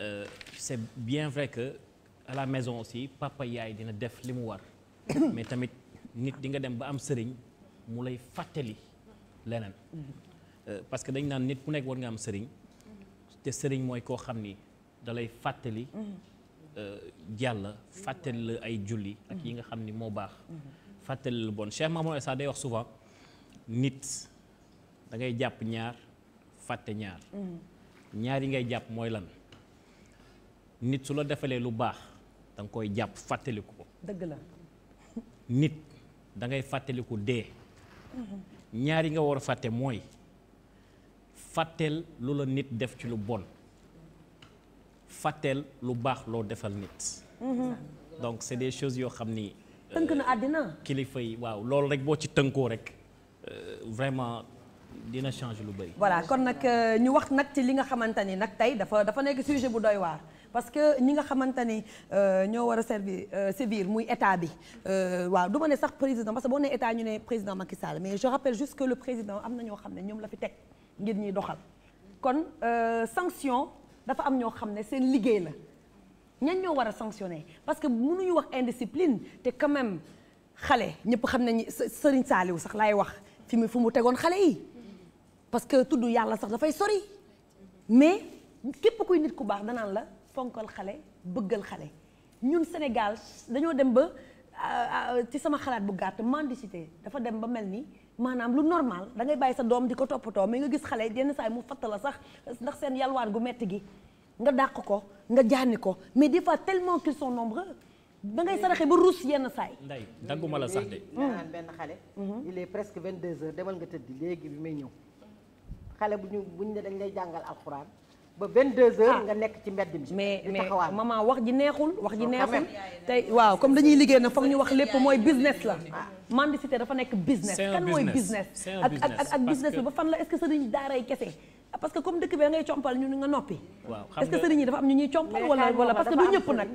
Euh, c'est bien vrai que à maison aussi papa yaay dina def li mu war mais tamit nit di nga dem ba am sëriñ mu lay fàttali leneen mm-hmm. euh, parce que dañ naan nit ku nekk war nga am sëriñ te sëriñ mooy koo xam ni dalay lay fàttali jàll mm-hmm. euh, fàttali la ay julli ak yi nga xam ni moo baax mm-hmm. fàttali lu bon Cheikh Mamadou Issa day wax souvent nit da ngay jàpp ñaar fàtte ñaar ñaar yi ngay jàpp mooy lan nit su la defalee lu baax danga koy jàpp fàttaliku ko. dëgg la. nit dangay fàttaliku dee. ñaar yi nga war a fàtte mooy fàtteel lu la nit def ci lu bon fàtteel lu baax loo defal nit. donc c'est des chose yoo xam ni. tënk na euh, àddina. kilifa yi waaw loolu rek boo ci tënkoo rek euh, dina change lu bëri. voilà kon nag euh, ñu wax nag ci li nga xamante ni nag tey dafa dafa nekk sujet bu doy waar. parce que ñi nga xamante ni euh, ñoo war a servir euh, sévir muy état bi waaw du ma ne sax président parce que boo nee état ñu ne président Macky Sall mais je rappelle juste que le président am na ñoo xam ne ñoom la fi teg ngir ñuy doxal kon sanction dafa am ñoo xam ne seen liggéey la ñan ñoo war a sanctionner parce que mënuñu wax indiscipline te quand xale ñëpp xam nañu Serigne sax laay wax fi fu mu tegoon xale yi. parce que tudd yàlla sax dafay sori mais képp kuy nit ku baax danaan la fonkal xale bëggal xale ñun Sénégal dañoo dem ba euh, euh, ci sama xalaat bu gàtt mendicité dafa dem ba mel ni maanaam lu normal da ngay bàyyi sa doom di ko toppatoo mais nga gis xale yenn saay mu fatt la sax ndax seen yalwaan gu metti gi nga dàq ko nga jaani ko mais des fois tellement qu'ils sont nombreux da ngay saraxe ba ruus yenn saay nday dagguma la sax de. benn xale. Mm-hmm. il est presque 22 heures demal nga tëdd léegi bi may ñëw. xale bu ñu bu ñu ne dañ lay jàngal alxuraan ba deux h ah. nga nekk ci mbedd mi. mais mais maman wax ji neexul. wax ji neexul tey waaw comme dañuy liggéey nag foog ñu wax lépp mooy business la. Ah. mendicité dafa nekk business. kan mooy business. ak ak ak business bi ba fan la est-ce que sa dañu daaray kese. Ah, parce que comme dëkk bi da ngay compal ñu nga noppi. waaw xam nga est-ce que sëriñ yi dafa am ñu ñuy compal. wala wala parce que du ñëpp nag.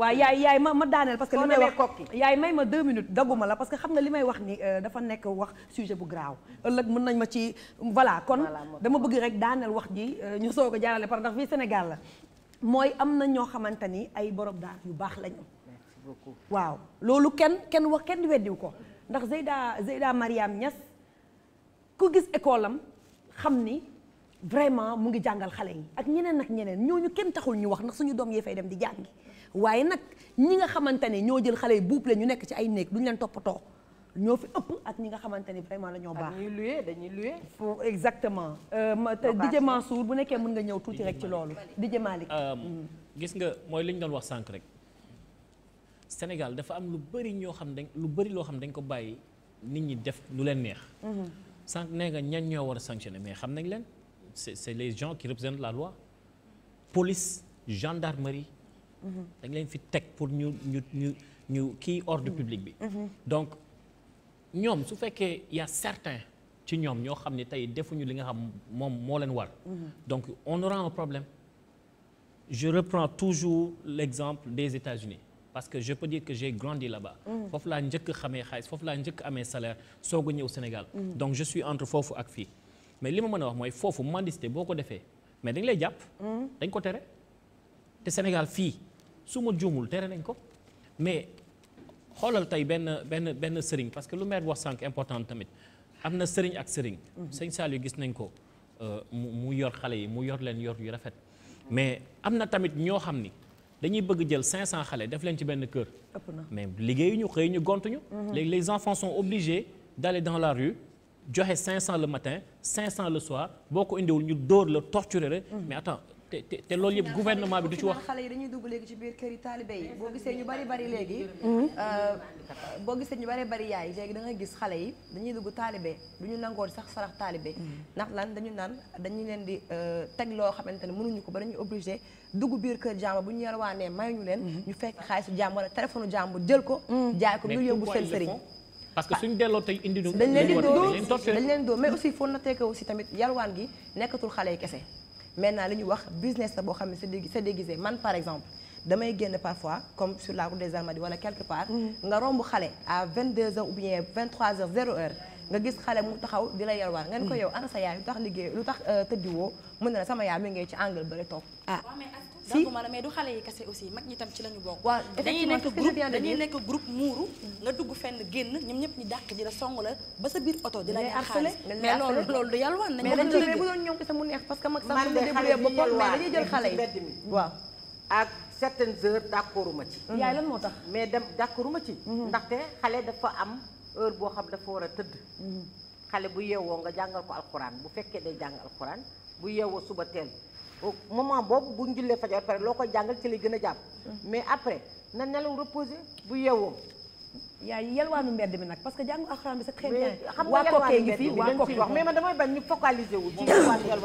waaw yaay yaay ma ma daaneel parce que. li may wax yaay may ma deux minutes dagguma la parce que xam nga li may wax ni euh, dafa nekk wax sujet bu graaw ëllëg mën nañ ma ci voilà kon dama bëgg rek daaneel wax ji euh, ñu soog a jaarale par ndax fii Sénégal la mooy am na ñoo xamante ni ay borom daar yu baax lañu waaw loolu kenn kenn wax kenn weddiw ko ndax Zeyda Zeyda Mariam Niass ku gis école am xam ni vraiment mu ngi jàngal xale yi ak ñeneen nag ñeneen ñooñu kenn taxul ñu wax ndax suñu doom yee fay dem di jàngi waaye nag ñi nga xamante ne ñoo jël xale yi buub la ñu nekk ci ay néeg duñu leen toppatoo ñoo fi ëpp ak ñi nga xamante ni vraiment la ñoo baax. dañuy loué dañuy loué. exactement. Euh, DJ Mansour bu nekkee mën nga ñëw tuuti rek ci loolu. DJ Malick euh, mm. gis nga mooy li ñu doon wax sànq rek. Sénégal dafa am lu bëri ñoo xam dañ lu bëri loo xam dañ ko bàyyi nit ñi def lu leen neex. Mm-hmm. sànq nee nga ñoo war a sanctionné mais xam nañ leen. c'est les gens qui représentent la loi police gendarmerie dañ leen fi teg pour ñu ñu ñu ñu kii ordre public bi donc ñoom su fekkee y a certains ci ñoom ñoo xam ne tey defuñu li nga xam moom moo leen war donc on aura un problème je reprends toujours l'exemple des États-Unis parce que je peux dire que j'ai grandi là-bas. foofu laa njëkk xamee xaalis foofu laa njëkk amee salaire soog a ñëw Sénégal. Mm. donc je suis entre foofu ak fii. mais li ma mën a wax mooy foofu mendicité boo ko defee mais dañ lay jàpp. dañ ko tere te Sénégal fii su ma juumul tere nañ ko mais xoolal tey benn benn benn sëriñ parce que lu maire wax sànq important tamit am na sëriñ ak sëriñ. Mm-hmm. sëñ Saliou gis nañ ko euh, mu yor xale yi mu yor leen yor yu rafet mais am na tamit ñoo xam ni. dañuy bëgg jël cinq 500 xale def leen ci benn kër. mais liggéeyuñu xëy ñu gontuñu. Mm-hmm. léegi les enfants sont obligés d'aller dans la rue joxe 500 le matin 500 le soir boo ko indiwul ñu dóor la torturer la. Mm. mais attends te te te loolu yëpp gouvernement bi du ci wax. xale yi dañuy dugg léegi ci biir kër yi taalibe yi boo gisee ñu bari bari léegi. Mm. Euh, boo gisee ñu bari bari yaay léegi da nga gis xale yi dañuy dugg taalibe du ñu nangoon sax sarax taalibe. Mm. ndax lan dañu naan dañu leen di euh, teg loo xamante ne mënuñu ko ba dañuy obligé dugg biir kër jàmbur bu ñu yarawaanee mayuñu leen. ñu fekk xaalisu jàmbur wala téléphone jàmbur jël ko. jaay ko ngir yóbbu seen sëriñ parce que suñ delloo tey indi ñu. dañ leen leen dóor mais aussi faut noter que aussi tamit yalwaan gi nekkatul xale yi kese maintenant li ñu wax business la boo xam ne c'est déguisé man par exemple damay génn parfois comme sur la route des Almadies wala quelque part. Mm. nga romb xale à 22h ou bien 23h 0h. nga gis xale mu taxaw di la yalwaar nga ne ko mm. yow ana sa yaay lu tax liggéey lu tax euh, tëddiwoo mën na la sama yaay mi ngay ci angle bëri si daguma la mais du xale yi kese aussi mag ñi tam ci la ñu bokk waaw dañuy nekk groupe dañuy nekk groupe muuru nga dugg fenn génn ñoom ñëpp ñu dàq ji la song la ba sa biir oto dina la ñaan xaalis mais loolu loolu du yàlwaan nañ mais dañ bu doon ñoom kese mu neex parce que mag sax mu débrouillé boppam mais dañuy jël xale yi waaw ak certaines heures d'accorduma ci yaay lan moo tax mais dem d'accorduma ci mhm. ndaxte xale dafa am heure boo xam dafa war a tëdd mhm. xale bu yeewoo nga jàngal ko alxuraan bu fekkee day jàng alxuraan bu yeewoo suba teel moment boobu bu ñu jullee fajar pare loo koy jàngal ci lay gën a jàpp mais après na nelaw reposer bu yeewoo yaay yelwaanu mbedd mi nag parce que jàngu alxuraan bi c'est très bien xam nga yelwaanu mbedd bi dañ ciy wax mais man damay bañ ñu focaliser wu ci wàllu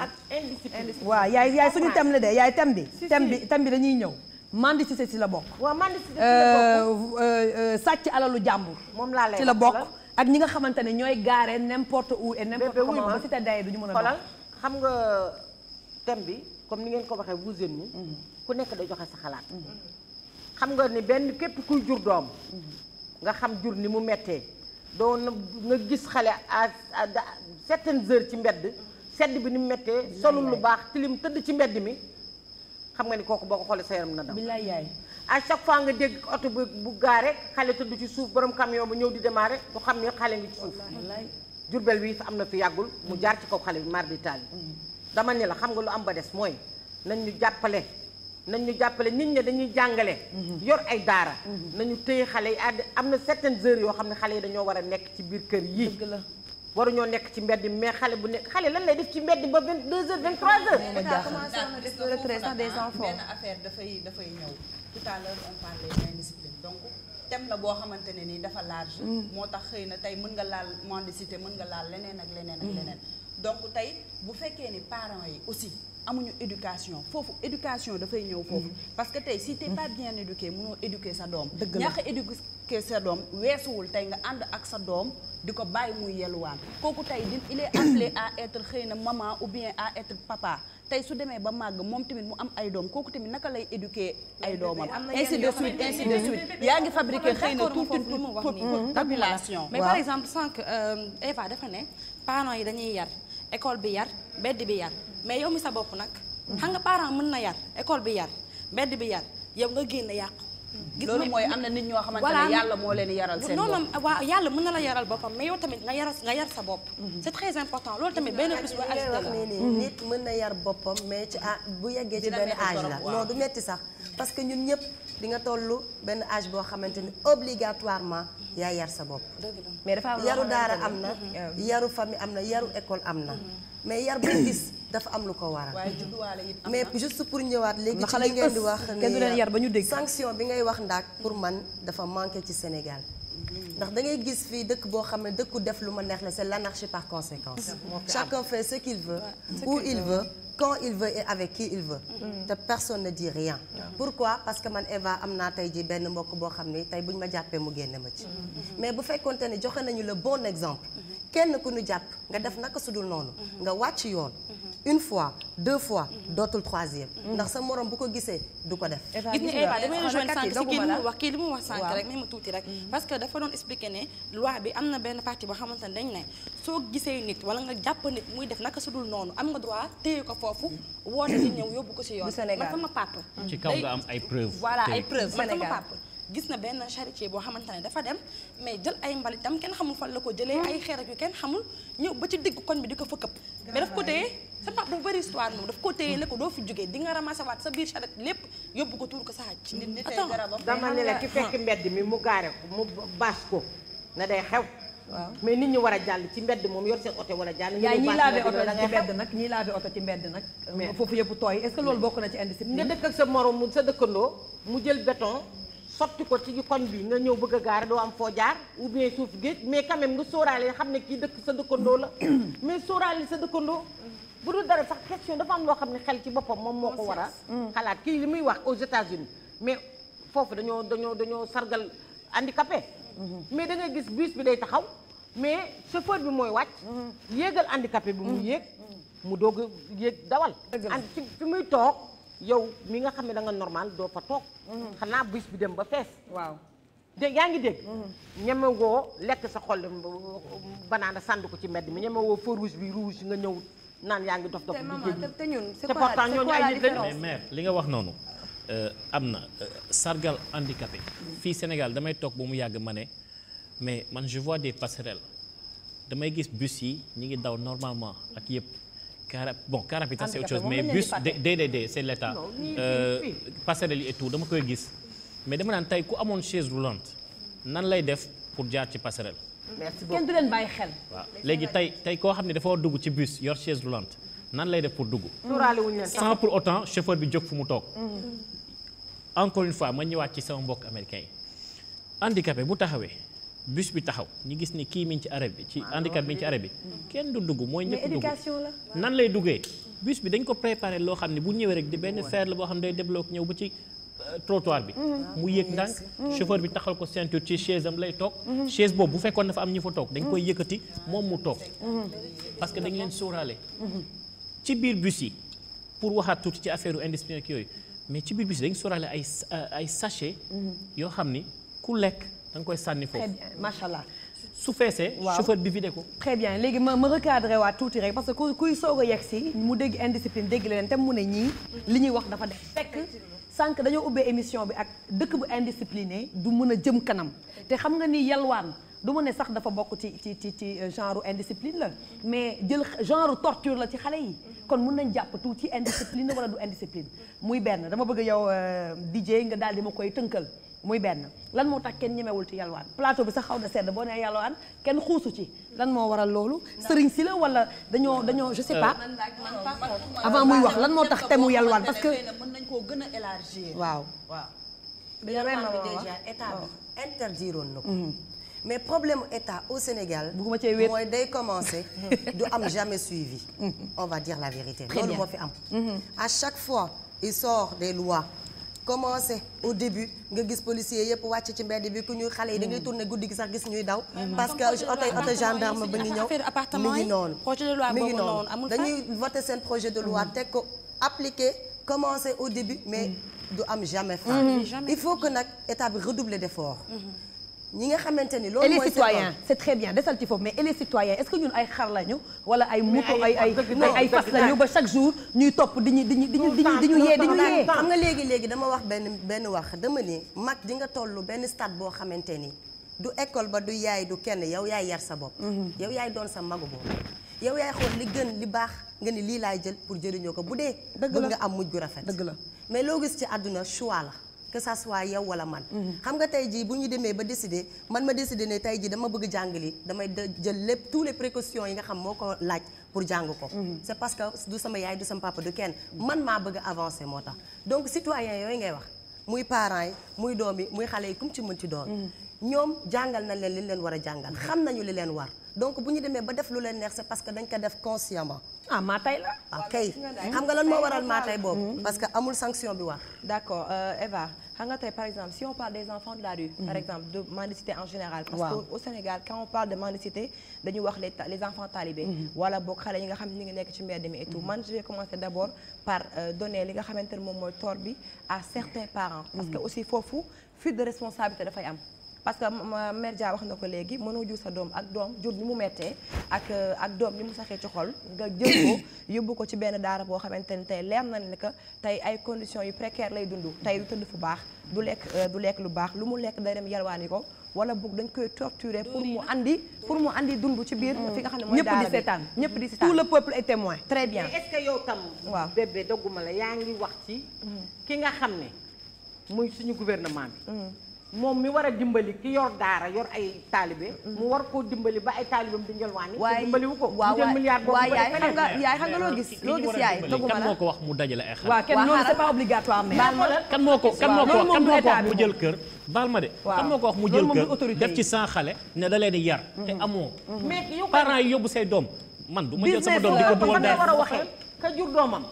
ak indiscipline yaay suñu thème la de yaay thème bi thème bi thème bi dañuy ñëw mendicité ci la ci la bokk euh, euh, euh, sàcc alalu jàmbur ci la bokk ak ñi nga xamante ne ñooy gaare n'importe où et n'importe comment ba si te daye duñu mën a xam nga thème bi comme ni ngeen ko waxee vous jeunes mm-hmm. ku nekk da joxe sa xalaat xam nga ni benn képp kuy jur doom mm-hmm. nga xam jur ni mu mettee doo nga gis xale à certaines heures ci mbedd sedd bi ni mu mettee solul lu baax tilim tëdd ci mbedd mi xam nga ni kooku boo ko xoolee sa yaram na daw billaay yaay à chaque fois nga dégg oto bu bu gaare xale tëdd ci suuf borom camion ba ñëw di démarrer bu xam ni xale ngi ci suuf jurbel bi fi am na fi yàggul mu jaar ci kaw xale bi mardi taal dama ne la xam nga lu am ba des mooy nañ ñu jàppale nañ ñu jàppale nit ñi dañuy jàngale yor ay daara nañu téye xale yi am na certaines heures yoo xam ne xale yi dañoo war a nekk ci biir kër yi waru ñoo nekk ci mbedd mais xale bu nekk xale lan lay def ci mbedd ba vingt deux heures vingt trois heures benn affaire dafay dafay ñëw tout à l'heure on parlait d'indiscipline donc thème na boo xamante ne nii dafa large. Mm. moo tax xëy na tey mën nga laal mendicité mën nga laal leneen ak leneen ak mm. leneen. donc tey bu fekkee ni parents yi aussi amuñu éducation foofu éducation dafay ñëw mm. foofu. parce que tey si t'es pas bien éduqué mënoo éduquer sa doom. dëgg la ñàkk éduquer sa doom weesuwul tey nga ànd ak sa doom di ko bàyyi muy yelwaan kooku tey di il est à être xëy na maman ou bien à être papa. tey su demee ba màgg moom tamit mu am ay doom kooku tamit naka lay éduquer ay doomam ainsi de suite ainsi de suite yaa ngi fabriquer xëy na toute une population mais par exemple sànq euh, Eva dafa ne parents yi dañuy yar école bi yar mbedd bi yar mais yow mi sa bopp nag xam nga parent mën na yar école bi yar mbedd bi yar yow nga génn yàq loolu mooy am na nit ñoo xamante ne yàlla moo leen yaral seen bopp non non waaw yàlla mën na la yaral boppam mais yow tamit nga yaral nga yar sa bopp mhm. c'est très important loolu tamit benn plus bu âge la mhm. nit mën na yar boppam mais ci ah bu yeggee ci benn âge la non du metti sax parce que ñun ñëpp di nga toll benn âge boo xamante ni obligatoirement yaa yar sa bopp mais dafa am yaru daara am na mhm. yaru famille am na yaru école am na mais yar bu gis dafa am lu ko waral. mais juste pour ñëwaat léegi ci li ngeen di wax kenn du yar ba ñu dégg sanction bi ngay wax ndaak pour man dafa manqué ci Sénégal ndax da ngay gis fii dëkk boo xam ne dëkku def lu ma neex la se l'anarchie par conséquence chacun fait ce qu'il veut où il veut quand il veut avec qui il veut mm-hmm. te personne ne dit rien pourquoi parce que man Eva am naa tey ji benn mbokk boo xam ne tey bu ñu ma jàppee mu génne ma ci mm-hmm. mais bu fekkonte ne joxe nañu la bon exemple mm-hmm. kenn ku ñu jàpp nga def naka sudul noonu nga wàcc yoon une fois deux fois dootul troisième. ndax sa morom bu ko gisee du ko def. gis ni Eva damay rejoindre wax kii li mu wax sànq rek may ma tuuti rek. parce que dafa doon expliquer ne loi bi am na benn partie boo xamante ne dañ ne soo gisee nit wala nga jàpp nit muy def naka su dul noonu am nga droit téye ko foofu woote di ñëw ko si yoon. man sama papa. ci kaw nga am ay preuves. ay preuves gis na benn charité boo xamante ne dafa dem mais jël ay mbalitam kenn xamul fan la ko jëlee ay xeer yu kenn xamul ñëw ba ci digg koñ bi di ko fa këpp mais ko téye sa pap dafa bëri histoire moom daf ko téye ne ko doo fi jógee di nga ramassé waat sa biir charette lépp yóbbu ko tuur ko sa xaj nit nit ay la ah. ko mu baas ko na day xew waaw mais nit ñi war a jàll ci mbedd moom yor seen wala jàll. yaa ñii laabe oto ci mbedd nag ñii laabe oto ci mbedd nag. foofu yëpp tooy est-ce que loolu bokk mu sa dëkkandoo mu jël béton sotti ko ci koñ bi nga bëgg a gaare am foo jaar ou bien suuf géej mais quand même nga sóoraale xam ne kii dëkk sa dëkkandoo la mais sóoraale sa dëkkandoo. bu dul dara sax question dafa am loo xam ne xel ci boppam moom moo ko war a mm. xalaat kii li muy wax aux États-Unis mais foofu dañoo dañoo dañoo sargal handicapé mm-hmm. mais da ngay gis bus bi day taxaw mais chauffeur bi mooy wàcc mm-hmm. yéegal handicapé bi mu mm-hmm. yéeg mu doog a yéeg dawal and ci fi muy toog yow mi nga xam ne da nga normal doo fa toog xanaa bus bi dem ba fees waaw dégg yaa ngi dégg ñeme woo lekk sa xol banaana sànd ko ci mbedd mi ñeme woo feu rouge bi rouge nga ñëw naan yaa ngi dof dof te ñun c'est quoi la différence mais mère li nga wax noonu euh, am na euh, sargal handicapé fii Sénégal damay toog ba mu yàgg ma ne mais man je vois des passerelles damay gis bus yi ñu ngi daw normalement ak yëpp car bon car rapide c'est autre chose mais bus DDD c'est l'état euh, passerelle yi et tout dama koy gis mais dama naan tey ku amoon chaise roulante nan lay def pour jaar ci passerelle merci beaucoup kenn xel. waaw léegi tey tey koo xam ne dafa war dugg ci bus yor chaise roulante nan lay def pour dugg. tuuraale mm. wuñ leen sans pour autant chauffeur bi jóg fu mu toog. encore une fois ma ñëwaat ci sama mbokk américain yi. handicapé bu taxawee bus bi taxaw ñu gis ni kii mi ngi ci arrêt bi ci ah, handicapé mi ngi ci arrêt bi mm. kenn du dugg mooy. ñëpp dugg nan lay duggee. bus bi dañ ko préparé loo xam ne bu ñëwee rek di benn fer la boo xam ne day débloqué ñëw ba ci. trottoir bi mu yéeg ndànk chauffeur bi taxal ko ceinture ci chaise am lay toog chaise boobu bu fekkoon dafa am ñi fa toog dañ koy yëkkati moom mu toog parce que dañ leen sóoraale ci biir bus yi pour waxaat tuuti ci affaire indiscipline yooyu mais ci biir bus yi dañ sóoraale ay ay sachet yoo xam ni ku lekk da koy sànni foofu allah su feesee chauffeur bi vidé ko très bien léegi ma ma recadré waa tuuti rek parce que kuy soog a yegg si mu dégg indiscipline dégg leen te mu ne ñii li ñuy wax dafa def fekk sànq dañoo ubbee émission bi ak dëkk bu indiscipliné du mën a jëm kanam te xam nga ni yalwaan du ma ne sax dafa bokk ci ci ci ci euh, genre indiscipline la mais jël genre torture la ci xale yi kon mun nañ jàpp tuuti indiscipline wala du indiscipline muy benn dama bëgg yow euh, DJ nga daal di ma koy tënkal muy benn lan moo tax kenn ñemewul ci yalwaan plateau bi sax xaw na sedd boo nee yalwaan kenn xuusu ci lan moo waral loolu sëriñ si la wala dañoo dañoo je sais pas avant muy wax lan moo tax temu mu yalwaan parce que mën nañ koo gën a élargir waaw waaw déjà état bi oh. interdiroon na ko mm-hmm. mais problème état au Sénégal bugguma cee wéet day commencer du am jamais suivi mm-hmm. on va dire la vérité loolu moo fi am mm-hmm. chaque fois il sort des lois commencé au début nga gis policier yëpp wàcc ci mbedd bi ku ñuy xale yi da ngay mm. guddi gi sax gis ñuy daw. Mm. parce que oto oto gendarme ba ngi ñëw mi ngi noonu. projet de loi boobu noonu amul dañuy voté seen projet de loi mm. teg ko appliqué commencé au début mais du am jamais fin. il faut que nag état bi redoubler d'effort. Mm-hmm. ñi nga xamante ni loolu mooy. les citoyens c'est très bien desal ci foofu mais et les citoyens est-ce que ñun ay xar lañu. wala ay moto ay fas lañu ba chaque jour ñuy topp di ñu di ñu di ñu di ñu yee di ñu yee. xam nga léegi léegi dama wax benn benn wax dama ni mag di nga toll benn stade boo xamante ni du école ba du yaay du kenn yow yaay yar sa bopp. Mhm. yow yaay doon sa magu bopp. yow yaay xool li gën li baax nga ni lii laay jël pour jëriñoo ko bu dee. dëgg la nga am mujj gu rafet. dëgg la mais loo gis ci àdduna choix la que ça soit yow wala man mm-hmm. xam nga tey jii bu ñu demee ba décider man ma décidé ne tey jii dama bëgg jàng li damay jël lépp tous les précautions yi nga xam moo ko laaj pour jàng ko mm-hmm. c'est parce que du sama yaay du sama papa du kenn man maa bëgg avancer moo tax donc citoyens yooyu ngay wax muy parents yi muy doom yi muy xale yi kum ci mën ci doon mm-hmm. ñoom jàngal nañ leen li leen war a jàngal xam nañu li leen war donc bu ñu demee ba def lu leen neex c'est parce que dañ ko def consciemment ah maa tay la ok ah, xam waral maa tay parce que amul sanction bi war d'accord euh, Eva xam nga tey par exemple si on parle des enfants de la rue. par mhm. exemple de mendicité en général. parce que au Sénégal quand on parle de mendicité dañu wax les les enfants talibés. Mhm. wala boog xale yi nga xam ne ñu ngi nekk ci mbedd mi et tout mhm. man je commencer d'abord par euh, donner li nga xamante ne moom mooy tort bi à certains parents. parce que aussi foofu fuite de responsabilité dafay am. parce que mère Dia wax na ko léegi mënoo jur sa doom ak doom jur ni mu mettee ak euh, ak doom ni mu saxee ci xol nga jël ko yóbbu ko ci benn daara boo xamante ne tey leer na ne que tey ay conditions yu précaires lay dund tey du tëdd fu baax du lekk euh, du lekk lu baax lu mu lekk day dem yalwaani ko wala boog dañ koy torturer pour mu indi pour mu andi dund ci biir mm. fi nga xam ne mooy daara ñëpp di ñëpp di seetaan tout le peuple est témoin très bien yow tam waaw bébé dogguma la yaa ngi wax ci mm. ki nga xam ne muy suñu gouvernement bi mm. moom mi war a dimbali ki yor daara yor ay taalibe mm-hmm. mu war koo dimbali ba ay taalibam di njëlwaani waaye dimbali wu ko waaw jël milliard boobu yaay xam nga yaay xam nga loo gis loo gis yaay tëgguma kan moo ko wax mu dajale ay xale waaw kenn noonu c'est ko kan moo ko wax kan jël kër baal ma de kan moo ko wax mu jël kër def ci cent xale ne da leen di yar te mm-hmm. amoo mm-hmm. mais yow parents say doom man du ma jël sama doom di ko dugal daara war a ka jur doomam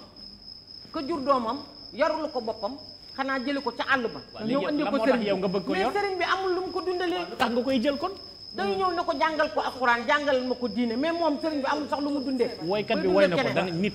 ka jur doomam yarul ko boppam xanaa jële ko ca àll ba ñëw andi ko sëriñ bi mais sëriñ bi amul lu mu ko dundalee tax nga koy jël kon dañu ñëw ne ko jàngal ko alxuraan jàngal ma ko diine mais moom sëriñ bi amul sax lu mu dundee woykat bi woy na ko danga nit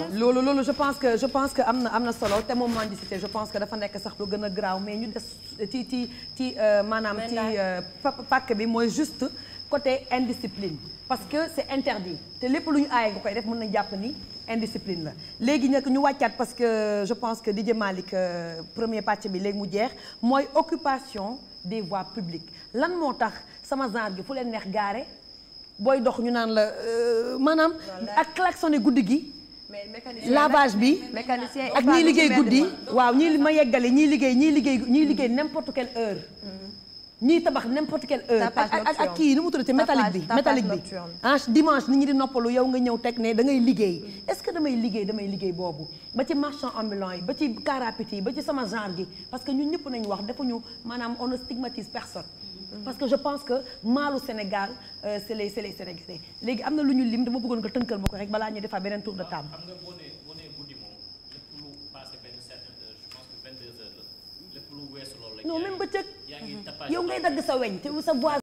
loolu loolu je pense que je pense que am na am na solo te moom mendicité je pense que dafa nekk sax lu gën a graaw mais ñu des ci ci ci euh, maanaam ci euh, pàkk bi mooy juste côté indiscipline parce que c'est interdit te lépp lu ñu aaye nga koy def mën nañ jàpp ni indiscipline la léegi nag ñu wàccaat parce que euh, je pense que di DJ Malick premier pàcc bi léegi mu jeex mooy occupation des voies publique lan moo tax sama genre gi fu leen neex gaare booy dox ñu naan la maanaam ak klaxonné guddi gi lavage bi ak ñiy liggéey guddi waaw ñii ma yeggale ñiy liggéey ñiy liggéey ñiy liggéey n'importe quelle heure mm-hmm. ñiy tabax n'importe quelle heure ak ak kii nu mu tuddati métallique bi métallique bi ah dimanche nit ñi di noppalu yow nga ñëw teg ne da liggéey mm-hmm. est-ce que damay liggéey damay liggéey boobu ba ci marchand ambulant yi ba ci carapiti yi ba ci sama genre gi parce que ñun ñëpp nañ wax dafa ñu maanaam on ne stigmatise personne Mm-hmm. parce que je pense que maalu Sénégal euh, c'est les c'est léegi am na lu ñu lim dama bëggoon nga tënkal ma ko rek balaa ñuy defaat beneen tour de table. xam nga boo nee boo nee guddi moom lépp lu passé benn certaine la lépp lu weesu loolu bëccëg. Mm-hmm. yow ngay dagg sa weñ te sa voix.